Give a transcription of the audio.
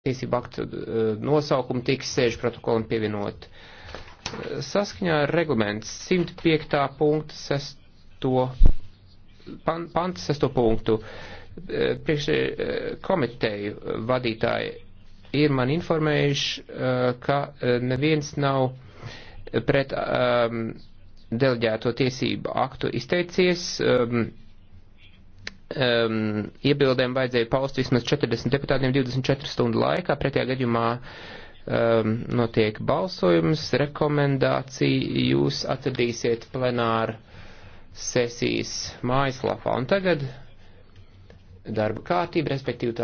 tiesību aktu eh, nosaukumu tiks sēžu protokolam pievienot. Eh, saskaņā ar reglaments 105. punktu 6. Pan, pants 6. punktu eh, priekš komiteju vadītāji ir man informējuši, ka neviens nav pret um, deleģēto tiesību aktu izteicies. Um, um, iebildēm vajadzēja paust vismaz 40 deputātiem 24 stundu laikā, pretējā gadījumā um, notiek balsojums, rekomendācija jūs atradīsiet plenāru sesijas mājaslapā. Un tagad darba kārtība, respektīvi tā